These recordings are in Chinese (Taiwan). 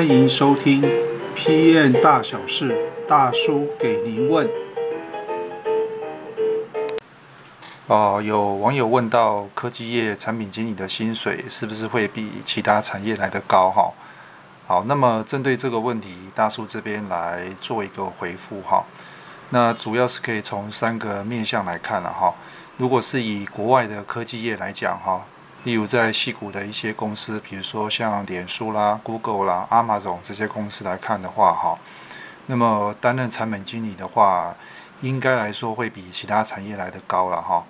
歡迎收聽《PM 大小事》，大叔給您問。哦，有網友問到科技業產品經理的薪水是不是會比其他產業來得高？哈，好，那麼針對這個問題，大叔這邊來做一個回復哈。那主要是可以從三個面向來看了哈。如果是以國外的科技業來講哈。例如在矽谷的一些公司，比如說像臉書啦、Google 啦、Amazon 這些公司來看的話，哈，那麼擔任產品經理的話，應該來說會比其他產業來得高了，哈。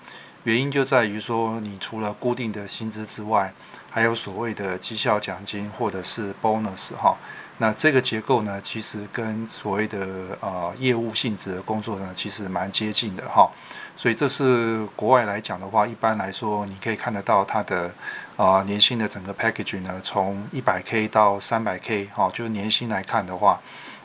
原因就在於說，你除了固定的薪資之外，還有所謂的績效獎金或者是 bonus 哈、哦。那這個結構呢，其實跟所謂的呃業務性質的工作呢，其實蠻接近的哈、哦。所以這是國外來講的話，一般來說，你可以看得到它的呃年薪的整個 package 呢，從 100K 到 300K 哈、哦，就是年薪來看的話，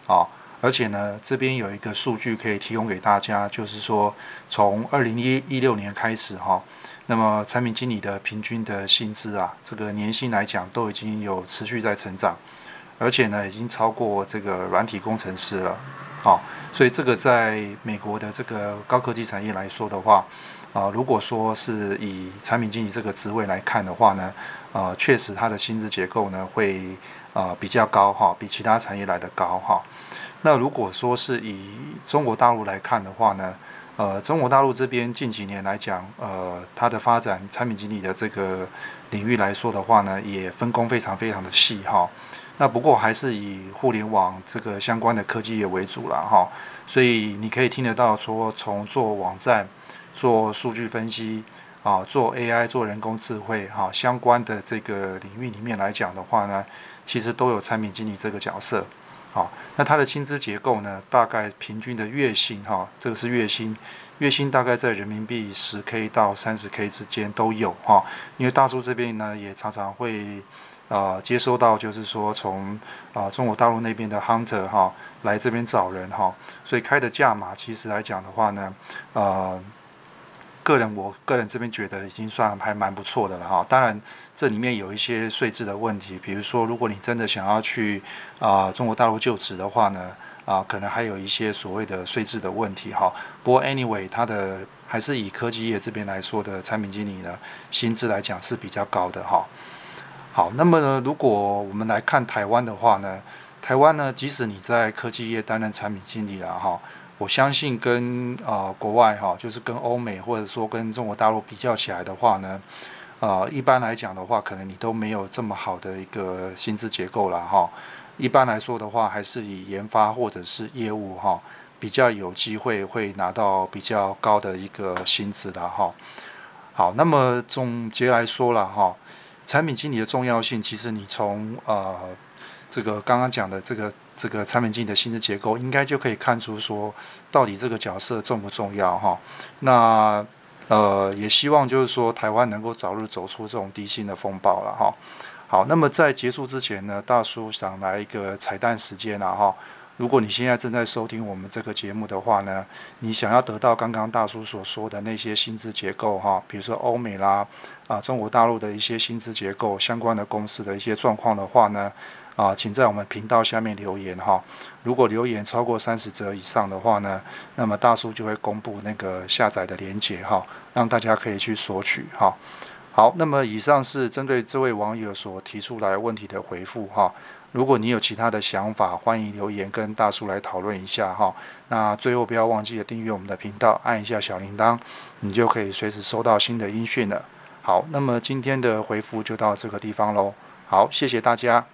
啊、哦。而且呢，這邊有一個數據可以提供給大家，就是說，從二零一六年開始哈、哦，那麼產品經理的平均的薪資啊，這個年薪來講，都已經有持續在成長，而且呢，已經超過這個軟體工程師了，好、哦，所以這個在美國的這個高科技產業來說的話，啊、呃，如果說是以產品經理這個職位來看的話呢，呃，確實它的薪資結構呢會呃比較高哈、哦，比其他產業來得高哈。哦那如果說是以中國大陸來看的話呢，呃，中國大陸這邊近幾年來講，呃，它的發展產品經理的這個領域來說的話呢，也分工非常非常的細哈、哦。那不過還是以互聯網這個相關的科技業為主了哈、哦。所以你可以聽得到說，從做網站、做數據分析啊、哦、做 AI、做人工智慧哈、哦、相關的這個領域裡面來講的話呢，其實都有產品經理這個角色。好，那它的薪資結構呢？大概平均的月薪，哈、哦，這個是月薪，月薪大概在人民幣十 k 到三十 k 之間都有，哈、哦。因為大叔這邊呢，也常常會，啊、呃、接收到就是說從啊、呃、中國大陸那邊的 Hunter 哈、哦、來這邊找人哈、哦，所以開的價碼其實來講的話呢，啊、呃。個人，我個人這邊覺得已經算還蠻不錯的了哈。當然，這裡面有一些稅制的問題，比如說，如果你真的想要去啊、呃、中國大陸就職的話呢，啊、呃，可能還有一些所謂的稅制的問題哈。不過，anyway，它的還是以科技業這邊來說的產品經理呢，薪資來講是比較高的哈。好，那麼呢，如果我們來看台灣的話呢，台灣呢，即使你在科技業擔任產品經理了、啊、哈。我相信跟啊、呃、國外哈、哦，就是跟歐美或者說跟中國大陸比較起來的話呢，啊、呃、一般來講的話，可能你都沒有這麼好的一個薪資結構了哈、哦。一般來說的話，還是以研發或者是業務哈、哦、比較有機會會拿到比較高的一個薪資的哈。好，那麼總結來說了哈、哦，產品經理的重要性，其實你從啊、呃、這個剛剛講的這個。這個產品經理的薪資結構，應該就可以看出說，到底這個角色重不重要哈？那呃，也希望就是說，台灣能夠早日走出這種低薪的風暴了哈。好，那麼在結束之前呢，大叔想來一個彩蛋時間了哈。如果你現在正在收聽我們這個節目的話呢，你想要得到剛剛大叔所說的那些薪資結構哈，比如說歐美啦啊，中國大陸的一些薪資結構相關的公司的一些狀況的話呢，啊，請在我們頻道下面留言哈。如果留言超過三十則以上的話呢，那麼大叔就會公布那個下載的連結哈，讓大家可以去索取哈。好，那麼以上是針對這位網友所提出來問題的回覆哈。如果你有其他的想法，歡迎留言跟大叔來討論一下哈。那最後不要忘記了訂閱我們的頻道，按一下小鈴鐺，你就可以隨時收到新的音訊了。好，那麼今天的回覆就到這個地方嘍。好，謝謝大家。